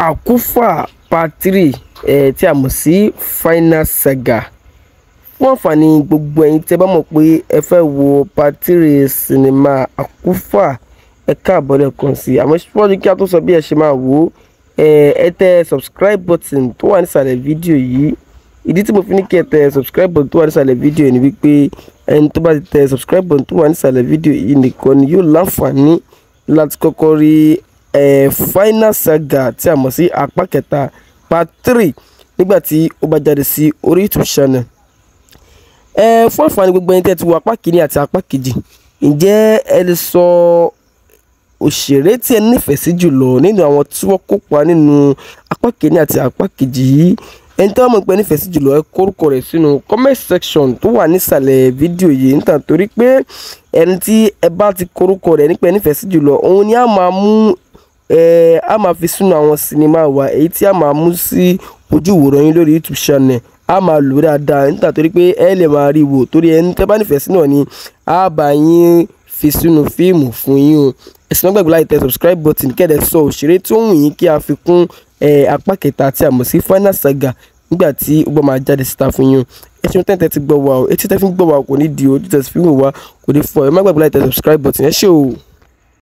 Akufa part three eh, tí a mọ̀ sí final saga fún àǹfààní gbogbo ẹ̀yin tí ẹ bá mọ̀ pé ẹ fẹ́ wo part three sinimá àkúfà ẹ káàbọ̀ lẹ́ẹ̀kan sí àmọ́ síwájú kí a tó sọ bí ẹ ṣe máa wò ó ẹ tẹ subscribe button tó wà nísàlẹ̀ fídíò yìí ìdí tí mo fi ní kí ẹ tẹ subscribe button tó wà nísàlẹ̀ fídíò yìí ni wípé ẹni tó bá ti tẹ subscribe button tó wà nísàlẹ̀ fídíò yìí nìkan ni yóò láǹfààní láti kọ́kọ́ rí eh, final saga tí a mọ̀ sí apá kẹta part three nígbà tí ó bá jáde sí orí youtube channel ẹ fún àǹfààní gbogbo ẹni tẹ́ ti wo apá kìíní àti apá kejì ǹjẹ́ ẹ lè sọ òṣèré tí ẹ nífẹ̀ẹ́ sí jùlọ nínú àwọn tí wọ́n kópa nínú apá kìíní àti apá kejì yìí ẹni tí wọ́n mọ̀ pé nífẹ̀ẹ́ sí jùlọ ẹ kórúkọ rẹ̀ sínú comment section tó wà nísàlẹ̀ fídíò yìí níta torí pé ẹni tí ẹ bá ti kórúkọ rẹ̀ nípa ẹ nífẹ̀ẹ́ sí jùlọ òun ni a máa mú eh, a máa fi sínú àwọn sinimá wa èyí tí a máa mú sí ojú ìwòran yín lórí YouTube channel a máa lò dáadáa níta torí pé ẹ lè máa rí wò torí ẹni tẹ́ bá nífẹ̀ẹ́ sí náà a bá yín fi sínú fíìmù fún yín o ẹ̀sìn náà gbàgbọ́ láì tẹ subscribe button kẹ́ẹ̀dẹ̀ sọ òṣèré tó wù yín kí a fi kún eh, apá kẹta àti àmọ̀ sí Final Saga nígbà tí ó bá máa jáde síta fún yín o ẹtí wọn tẹ́tẹ́ ti gbọ́ wa o etí tẹ́tí fi gbọ́ wa kò ní di o ojú tẹ́tí fi wò wa kò ní fọ ẹ má gbàgbọ́ láì tẹ subscribe button ẹ ṣé o.